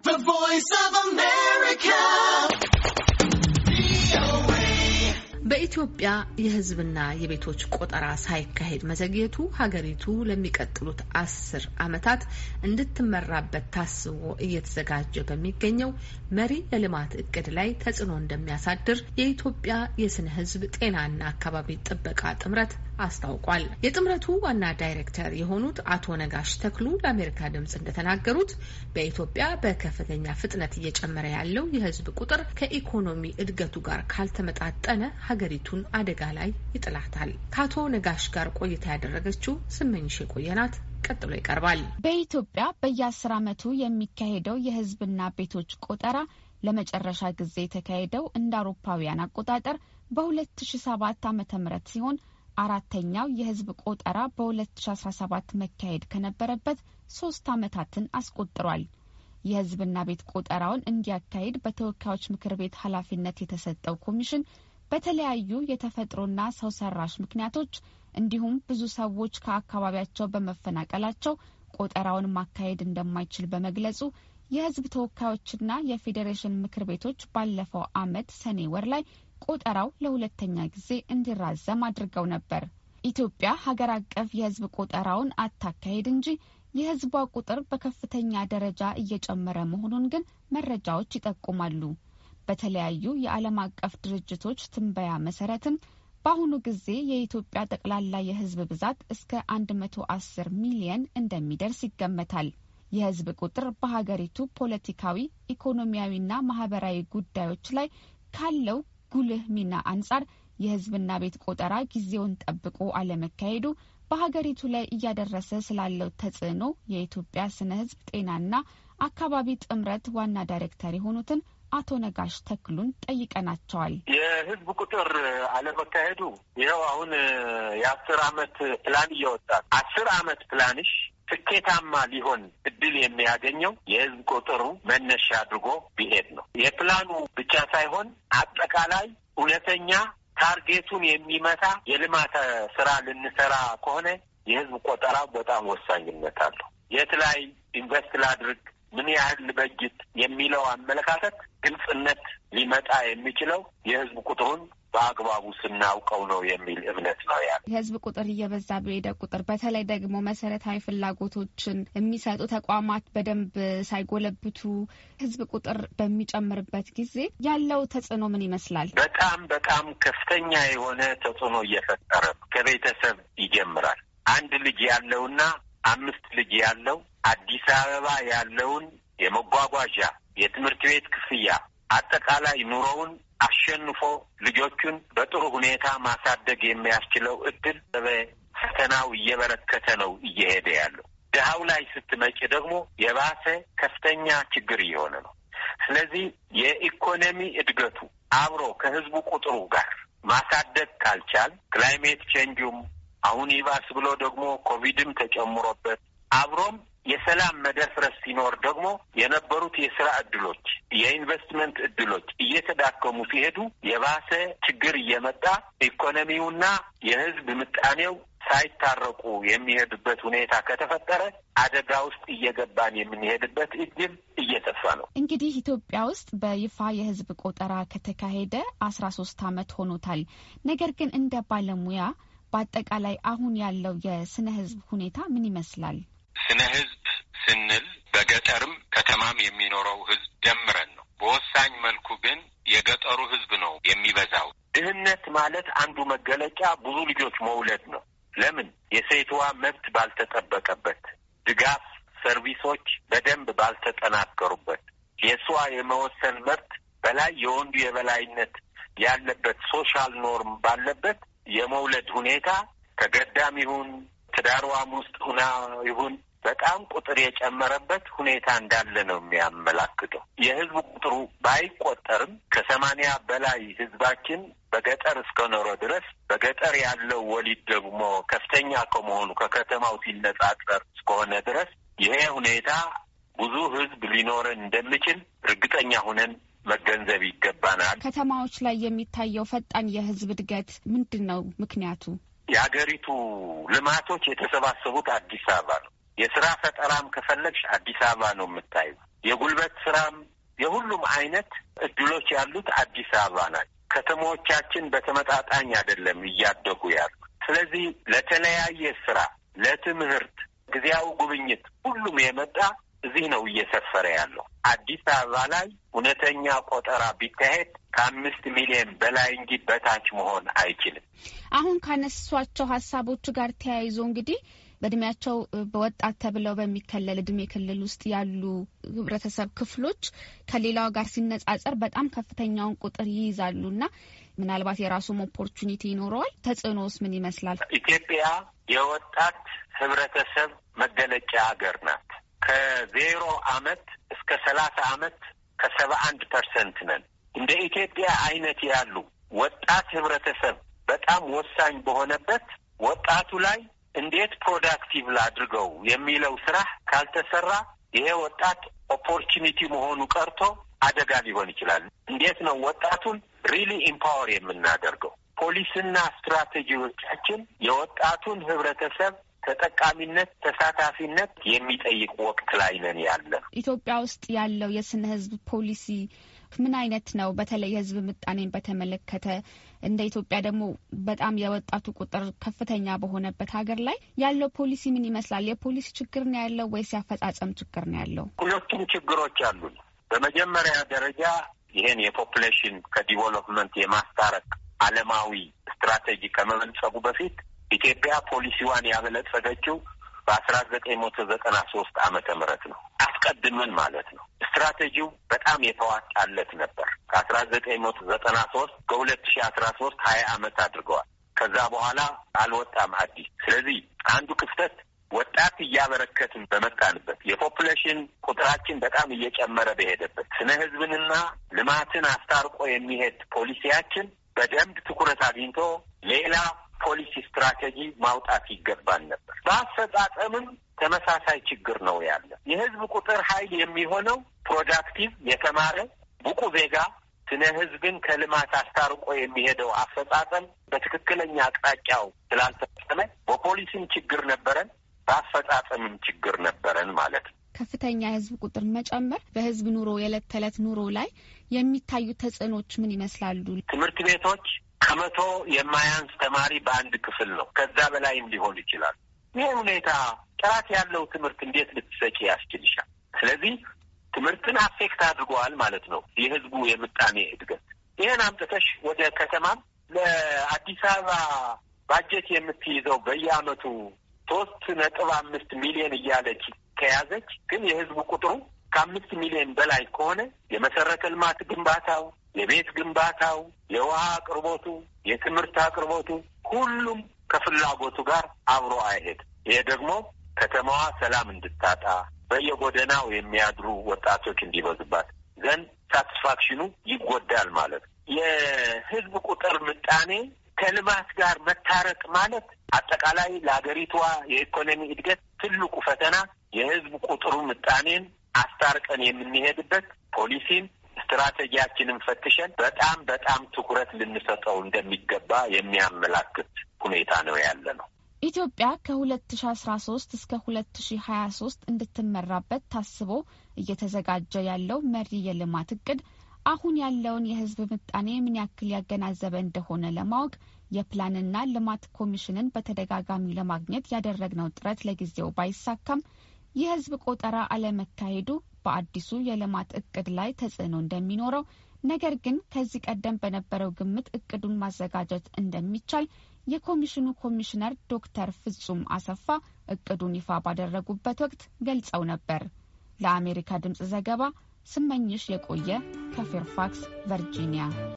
The Voice of America. በኢትዮጵያ የሕዝብና የቤቶች ቆጠራ ሳይካሄድ መዘግየቱ ሀገሪቱ ለሚቀጥሉት አስር ዓመታት እንድትመራበት ታስቦ እየተዘጋጀ በሚገኘው መሪ የልማት እቅድ ላይ ተጽዕኖ እንደሚያሳድር የኢትዮጵያ የስነ ሕዝብ ጤናና አካባቢ ጥበቃ ጥምረት አስታውቋል። የጥምረቱ ዋና ዳይሬክተር የሆኑት አቶ ነጋሽ ተክሉ ለአሜሪካ ድምጽ እንደተናገሩት በኢትዮጵያ በከፍተኛ ፍጥነት እየጨመረ ያለው የህዝብ ቁጥር ከኢኮኖሚ እድገቱ ጋር ካልተመጣጠነ ሀገሪቱን አደጋ ላይ ይጥላታል። ከአቶ ነጋሽ ጋር ቆይታ ያደረገችው ስመኝሽ የቆየናት ቀጥሎ ይቀርባል። በኢትዮጵያ በየአስር ዓመቱ የሚካሄደው የሕዝብና ቤቶች ቆጠራ ለመጨረሻ ጊዜ የተካሄደው እንደ አውሮፓውያን አቆጣጠር በ2007 ዓ.ም ሲሆን አራተኛው የህዝብ ቆጠራ በ2017 መካሄድ ከነበረበት ሶስት ዓመታትን አስቆጥሯል። የህዝብና ቤት ቆጠራውን እንዲያካሂድ በተወካዮች ምክር ቤት ኃላፊነት የተሰጠው ኮሚሽን በተለያዩ የተፈጥሮና ሰው ሰራሽ ምክንያቶች እንዲሁም ብዙ ሰዎች ከአካባቢያቸው በመፈናቀላቸው ቆጠራውን ማካሄድ እንደማይችል በመግለጹ የህዝብ ተወካዮችና የፌዴሬሽን ምክር ቤቶች ባለፈው ዓመት ሰኔ ወር ላይ ቆጠራው ለሁለተኛ ጊዜ እንዲራዘም አድርገው ነበር። ኢትዮጵያ ሀገር አቀፍ የህዝብ ቆጠራውን አታካሄድ እንጂ የሕዝቧ ቁጥር በከፍተኛ ደረጃ እየጨመረ መሆኑን ግን መረጃዎች ይጠቁማሉ። በተለያዩ የዓለም አቀፍ ድርጅቶች ትንበያ መሰረትም በአሁኑ ጊዜ የኢትዮጵያ ጠቅላላ የሕዝብ ብዛት እስከ 110 ሚሊየን እንደሚደርስ ይገመታል። የሕዝብ ቁጥር በሀገሪቱ ፖለቲካዊ፣ ኢኮኖሚያዊና ማህበራዊ ጉዳዮች ላይ ካለው ጉልህ ሚና አንጻር የህዝብና ቤት ቆጠራ ጊዜውን ጠብቆ አለመካሄዱ በሀገሪቱ ላይ እያደረሰ ስላለው ተጽዕኖ የኢትዮጵያ ስነ ህዝብ ጤናና አካባቢ ጥምረት ዋና ዳይሬክተር የሆኑትን አቶ ነጋሽ ተክሉን ጠይቀናቸዋል። የህዝብ ቁጥር አለመካሄዱ ይኸው አሁን የአስር አመት ፕላን እየወጣ አስር አመት ፕላንሽ ስኬታማ ሊሆን እድል የሚያገኘው የህዝብ ቁጥሩ መነሻ አድርጎ ቢሄድ ነው። የፕላኑ ብቻ ሳይሆን አጠቃላይ እውነተኛ ታርጌቱን የሚመታ የልማት ስራ ልንሰራ ከሆነ የህዝብ ቆጠራ በጣም ወሳኝነት አለው። የት ላይ ኢንቨስት ላድርግ፣ ምን ያህል ልበጅት የሚለው አመለካከት ግልጽነት ሊመጣ የሚችለው የህዝብ ቁጥሩን በአግባቡ ስናውቀው ነው የሚል እምነት ነው ያለ። የህዝብ ቁጥር እየበዛ በሄደ ቁጥር በተለይ ደግሞ መሰረታዊ ፍላጎቶችን የሚሰጡ ተቋማት በደንብ ሳይጎለብቱ ህዝብ ቁጥር በሚጨምርበት ጊዜ ያለው ተጽዕኖ ምን ይመስላል? በጣም በጣም ከፍተኛ የሆነ ተጽዕኖ እየፈጠረ ነው። ከቤተሰብ ይጀምራል። አንድ ልጅ ያለውና አምስት ልጅ ያለው አዲስ አበባ ያለውን የመጓጓዣ የትምህርት ቤት ክፍያ አጠቃላይ ኑሮውን አሸንፎ ልጆቹን በጥሩ ሁኔታ ማሳደግ የሚያስችለው እድል ፈተናው እየበረከተ ነው እየሄደ ያለው። ድሀው ላይ ስትመጪ ደግሞ የባሰ ከፍተኛ ችግር እየሆነ ነው። ስለዚህ የኢኮኖሚ እድገቱ አብሮ ከህዝቡ ቁጥሩ ጋር ማሳደግ ካልቻል ክላይሜት ቼንጁም አሁን ይባስ ብሎ ደግሞ ኮቪድም ተጨምሮበት አብሮም የሰላም መደፍረስ ሲኖር ደግሞ የነበሩት የስራ እድሎች፣ የኢንቨስትመንት እድሎች እየተዳከሙ ሲሄዱ የባሰ ችግር እየመጣ ኢኮኖሚውና የህዝብ ምጣኔው ሳይታረቁ የሚሄድበት ሁኔታ ከተፈጠረ አደጋ ውስጥ እየገባን የምንሄድበት እድል እየሰፋ ነው። እንግዲህ ኢትዮጵያ ውስጥ በይፋ የህዝብ ቆጠራ ከተካሄደ አስራ ሶስት አመት ሆኖታል። ነገር ግን እንደ ባለሙያ በአጠቃላይ አሁን ያለው የስነ ህዝብ ሁኔታ ምን ይመስላል? ስነ ህዝብ ስንል በገጠርም ከተማም የሚኖረው ህዝብ ደምረን ነው። በወሳኝ መልኩ ግን የገጠሩ ህዝብ ነው የሚበዛው። ድህነት ማለት አንዱ መገለጫ ብዙ ልጆች መውለድ ነው። ለምን የሴትዋ መብት ባልተጠበቀበት፣ ድጋፍ ሰርቪሶች በደንብ ባልተጠናከሩበት፣ የእሷ የመወሰን መብት በላይ የወንዱ የበላይነት ያለበት ሶሻል ኖርም ባለበት የመውለድ ሁኔታ ከገዳም ይሁን ትዳሯም ውስጥ ሁና ይሁን በጣም ቁጥር የጨመረበት ሁኔታ እንዳለ ነው የሚያመላክተው። የህዝብ ቁጥሩ ባይቆጠርም ከሰማንያ በላይ ህዝባችን በገጠር እስከ ኖረ ድረስ በገጠር ያለው ወሊድ ደግሞ ከፍተኛ ከመሆኑ ከከተማው ሲነጻጸር እስከሆነ ድረስ ይሄ ሁኔታ ብዙ ህዝብ ሊኖረን እንደሚችል እርግጠኛ ሁነን መገንዘብ ይገባናል። ከተማዎች ላይ የሚታየው ፈጣን የህዝብ እድገት ምንድን ነው ምክንያቱ? የሀገሪቱ ልማቶች የተሰባሰቡት አዲስ አበባ ነው። የስራ ፈጠራም ከፈለግሽ አዲስ አበባ ነው የምታዩ። የጉልበት ስራም የሁሉም አይነት እድሎች ያሉት አዲስ አበባ ናቸው። ከተሞቻችን በተመጣጣኝ አይደለም እያደጉ ያሉ። ስለዚህ ለተለያየ ስራ፣ ለትምህርት፣ ጊዜያዊ ጉብኝት ሁሉም የመጣ እዚህ ነው እየሰፈረ ያለው። አዲስ አበባ ላይ እውነተኛ ቆጠራ ቢካሄድ ከአምስት ሚሊዮን በላይ እንጂ በታች መሆን አይችልም። አሁን ካነሷቸው ሀሳቦች ጋር ተያይዞ እንግዲህ በእድሜያቸው በወጣት ተብለው በሚከለል እድሜ ክልል ውስጥ ያሉ ህብረተሰብ ክፍሎች ከሌላው ጋር ሲነጻጸር በጣም ከፍተኛውን ቁጥር ይይዛሉ እና ምናልባት የራሱም ኦፖርቹኒቲ ይኖረዋል። ተጽዕኖስ ምን ይመስላል? ኢትዮጵያ የወጣት ህብረተሰብ መገለጫ ሀገር ናት። ከዜሮ አመት እስከ ሰላሳ አመት ከሰባ አንድ ፐርሰንት ነን። እንደ ኢትዮጵያ አይነት ያሉ ወጣት ህብረተሰብ በጣም ወሳኝ በሆነበት ወጣቱ ላይ እንዴት ፕሮዳክቲቭ ላድርገው የሚለው ስራ ካልተሰራ ይሄ ወጣት ኦፖርቹኒቲ መሆኑ ቀርቶ አደጋ ሊሆን ይችላል። እንዴት ነው ወጣቱን ሪሊ ኢምፓወር የምናደርገው? ፖሊስና ስትራቴጂዎቻችን የወጣቱን ህብረተሰብ ተጠቃሚነት፣ ተሳታፊነት የሚጠይቅ ወቅት ላይ ነን ያለ ኢትዮጵያ ውስጥ ያለው የስነ ህዝብ ፖሊሲ ምን አይነት ነው? በተለይ የህዝብ ምጣኔን በተመለከተ እንደ ኢትዮጵያ ደግሞ በጣም የወጣቱ ቁጥር ከፍተኛ በሆነበት ሀገር ላይ ያለው ፖሊሲ ምን ይመስላል? የፖሊሲ ችግር ነው ያለው ወይስ ያፈጻጸም ችግር ነው ያለው? ሁለቱም ችግሮች አሉን። በመጀመሪያ ደረጃ ይሄን የፖፕሌሽን ከዲቨሎፕመንት የማስታረቅ አለማዊ ስትራቴጂ ከመመንጸጉ በፊት ኢትዮጵያ ፖሊሲዋን ያበለጸገችው በአስራ ዘጠኝ መቶ ዘጠና ሶስት አመተ ምህረት ነው። አስቀድመን ማለት ነው። ስትራቴጂው በጣም የተዋጣለት ነበር። ከአስራ ዘጠኝ መቶ ዘጠና ሶስት ከሁለት ሺ አስራ ሶስት ሀያ አመት አድርገዋል። ከዛ በኋላ አልወጣም አዲስ። ስለዚህ አንዱ ክፍተት ወጣት እያበረከትን በመጣንበት የፖፑሌሽን ቁጥራችን በጣም እየጨመረ በሄደበት ስነ ህዝብንና ልማትን አስታርቆ የሚሄድ ፖሊሲያችን በደንብ ትኩረት አግኝቶ ሌላ ፖሊሲ ስትራቴጂ ማውጣት ይገባል ነበር። በአፈጻጸምም ተመሳሳይ ችግር ነው ያለ። የህዝብ ቁጥር ኃይል የሚሆነው ፕሮዳክቲቭ፣ የተማረ ብቁ ዜጋ ስነ ህዝብን ከልማት አስታርቆ የሚሄደው አፈጻጸም በትክክለኛ አቅጣጫው ስላልተፈጸመ በፖሊሲም ችግር ነበረን፣ በአፈጻጸምም ችግር ነበረን ማለት ነው። ከፍተኛ የህዝብ ቁጥር መጨመር በህዝብ ኑሮ የዕለት ተዕለት ኑሮ ላይ የሚታዩ ተጽዕኖች ምን ይመስላሉ? ትምህርት ቤቶች ከመቶ የማያንስ ተማሪ በአንድ ክፍል ነው። ከዛ በላይም ሊሆን ይችላል። ይህ ሁኔታ ጥራት ያለው ትምህርት እንዴት ልትሰጪ ያስችልሻል? ስለዚህ ትምህርትን አፌክት አድርገዋል ማለት ነው የህዝቡ የምጣኔ እድገት። ይህን አምጥተሽ ወደ ከተማም ለአዲስ አበባ ባጀት የምትይዘው በየአመቱ ሶስት ነጥብ አምስት ሚሊዮን እያለች ከያዘች ግን የህዝቡ ቁጥሩ ከአምስት ሚሊዮን በላይ ከሆነ የመሰረተ ልማት ግንባታው የቤት ግንባታው፣ የውሃ አቅርቦቱ፣ የትምህርት አቅርቦቱ ሁሉም ከፍላጎቱ ጋር አብሮ አይሄድ። ይሄ ደግሞ ከተማዋ ሰላም እንድታጣ በየጎደናው የሚያድሩ ወጣቶች እንዲበዙባት ዘንድ ሳትስፋክሽኑ ይጎዳል ማለት ነው። የህዝብ ቁጥር ምጣኔ ከልማት ጋር መታረቅ ማለት አጠቃላይ ለሀገሪቷ የኢኮኖሚ እድገት ትልቁ ፈተና የህዝብ ቁጥሩ ምጣኔን አስታርቀን የምንሄድበት ፖሊሲን ስትራቴጂያችንን ፈትሸን በጣም በጣም ትኩረት ልንሰጠው እንደሚገባ የሚያመላክት ሁኔታ ነው ያለ ነው። ኢትዮጵያ ከ2013 እስከ 2023 እንድትመራበት ታስቦ እየተዘጋጀ ያለው መሪ የልማት እቅድ አሁን ያለውን የሕዝብ ምጣኔ ምን ያክል ያገናዘበ እንደሆነ ለማወቅ የፕላንና ልማት ኮሚሽንን በተደጋጋሚ ለማግኘት ያደረግነው ጥረት ለጊዜው ባይሳካም የሕዝብ ቆጠራ አለመካሄዱ በአዲሱ የልማት እቅድ ላይ ተጽዕኖ እንደሚኖረው ነገር ግን ከዚህ ቀደም በነበረው ግምት እቅዱን ማዘጋጀት እንደሚቻል የኮሚሽኑ ኮሚሽነር ዶክተር ፍጹም አሰፋ እቅዱን ይፋ ባደረጉበት ወቅት ገልጸው ነበር። ለአሜሪካ ድምፅ ዘገባ ስመኝሽ የቆየ ከፌርፋክስ ቨርጂኒያ